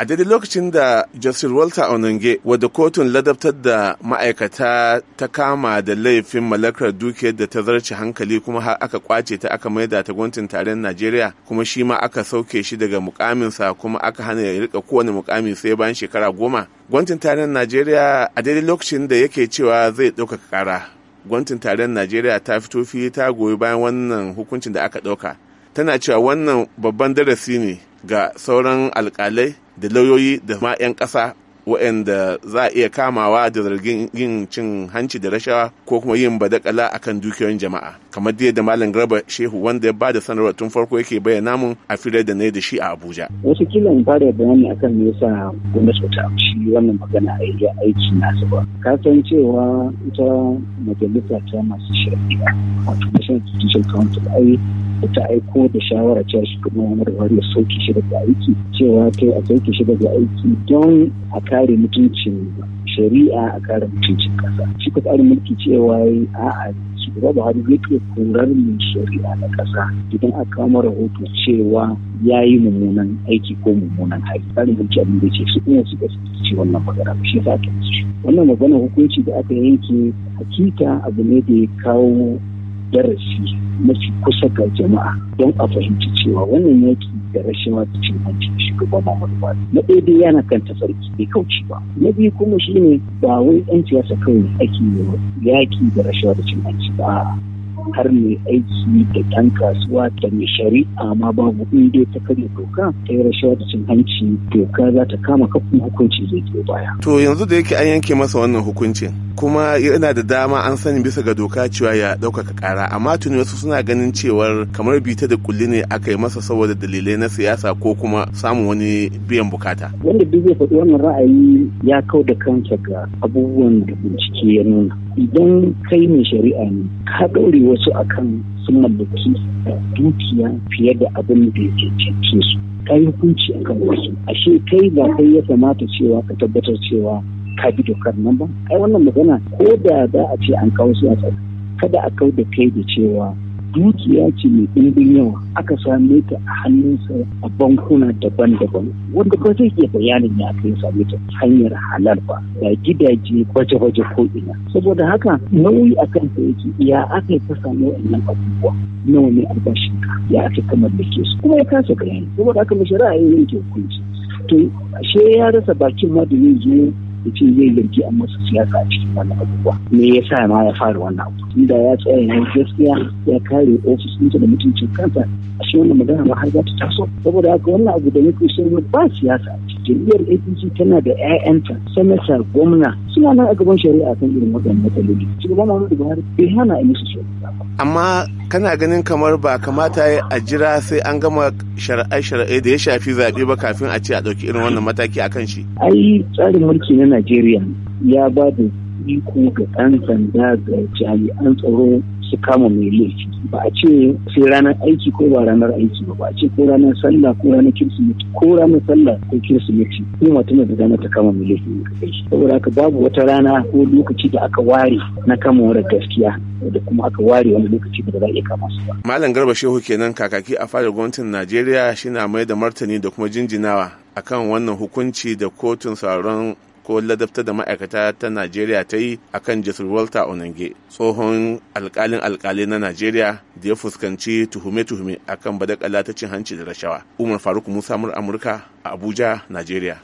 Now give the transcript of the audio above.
a daidai lokacin da justin walter onange wadda kotun ladabtar da ma'aikata ta kama da laifin mallakar dukiyar da ta zarce hankali kuma har aka kwace ta aka maida ta gwamnatin taron najeriya kuma shi ma aka sauke shi daga mukaminsa kuma aka hana ya rika kowane mukami sai bayan shekara goma gwamnatin taron najeriya a daidai lokacin da yake cewa zai ɗaukaka kara gwamnatin tarayyar najeriya ta fito fili ta goyi bayan wannan hukuncin da aka ɗauka tana cewa wannan babban darasi ne ga sauran alƙalai da lauyoyi da ma 'yan ƙasa waɗanda za a iya kamawa da zargin yin cin hanci da rashawa ko kuma yin badakala akan dukiyoyin jama'a kamar dai da malam garba shehu wanda ya bada sanarwa tun farko yake bayyana mun a firar da na da shi a abuja wasu kila in fara bayani akan me yasa gwamnati ta amshi wannan magana a yi aiki nasu ba ka san cewa ita majalisa ta masu shari'a Nigerian Judicial Council ai ta aiko da shawara cewa shugaban Muhammadu Buhari ya sauke shi daga aiki cewa kai a sauke shi daga aiki don a kare mutuncin shari'a a kare mutuncin kasa shi ka tsarin mulki cewa a'a shugaba Buhari zai kai korar mai shari'a na kasa idan a kama rahoto cewa ya yi mummunan aiki ko mummunan hali tsarin mulki abin da ce su kuma su ce wannan magana shi sa ake wannan magana hukunci da aka yanke hakika abu ne da ya kawo darasi mafi kusa ga jama'a don a fahimci cewa wannan yaki da rashawa da cin hanci da shugaban Muhammadu Buhari. Na ɗaya dai yana kan tafarki bai kauce ba. Na biyu kuma shine ba wai ɗan siyasa kawai ake yi yaki da rashawa da cin ba. har mai aiki da ɗan kasuwa da mai shari'a ma babu inda ta karya doka ta yi rashawa da cin hanci doka za ta kama kafin hukunci zai je baya. To yanzu da yake an yanke masa wannan hukuncin kuma yana da dama an sani bisa ga doka cewa ya ɗaukaka ƙara amma tuni wasu suna ganin cewar kamar bita da kulli ne aka yi masa saboda dalilai na siyasa ko kuma samun wani biyan bukata. Wanda duk zai faɗi wannan ra'ayi ya kau da kansa ga abubuwan da bincike ya nuna. idan kai mai shari'a ne ka ɗaure wasu akan sun mallaki dukiya fiye da abin da ya cece su ka yi hukunci akan wasu ashe kai ba kai ya kamata cewa ka tabbatar cewa ka bi dokar nan ba ai wannan magana ko da za a ce an kawo su a kada a kau da kai da cewa dukiya ce mai ɗimbin yawa aka same ta a hannunsa a bankuna daban-daban wanda ba zai iya bayanin ya aka yi same ta hanyar halal ba da gidaje gwaje baje ko ina saboda haka nauyi a ta yake ya aka yi ta samu wannan abubuwa nawa ne ka. ya aka da ke su kuma ya kasa bayani saboda haka mai a ya yanke hukunci to ashe ya rasa bakin ma da zai ya ce zai zargi a masa siyasa a cikin wannan abubuwa me yasa ma ya fara wannan abu da ya tsaya ya gaskiya ya kare ofis da mutuncin kansa a shi wannan magana ba har za ta taso saboda haka wannan abu da nake so ba siyasa jam'iyyar apc tana da 'ya'yanta sanata gwamna suna nan a gaban shari'a kan irin wannan matsaloli shugaban muhammadu buhari bai hana a musu shi amma kana ganin kamar ba kamata a jira sai an gama shari'ai-shari'ai da ya shafi zaɓe ba kafin a ce a ɗauki irin wannan mataki kan shi ai tsarin mulki na najeriya ya ba da iko ga ɗan sanda ga jami'an tsaro su kama mai laifi ba a ce sai ranar aiki ko ba ranar aiki ba ba a ce ko ranar sallah ko ranar kirsimeti ko ranar sallah ko kirsimeti ko mutum da dama ta kama mai laifi ne kai saboda haka babu wata rana ko lokaci da aka ware na kama wani gaskiya da kuma aka ware wani lokaci da za a iya kama su ba. Malam Garba Shehu kenan kakaki a fadar gwamnatin Najeriya shi na mai da martani da kuma jinjinawa akan wannan hukunci da kotun sauran ko ladabta da ma'aikata ta najeriya ta yi akan jesur walter onange tsohon alkalin alkali na najeriya da ya fuskanci tuhume-tuhume a kan badakala ta cin hanci da rashawa umar faruk musa mur amurka a abuja najeriya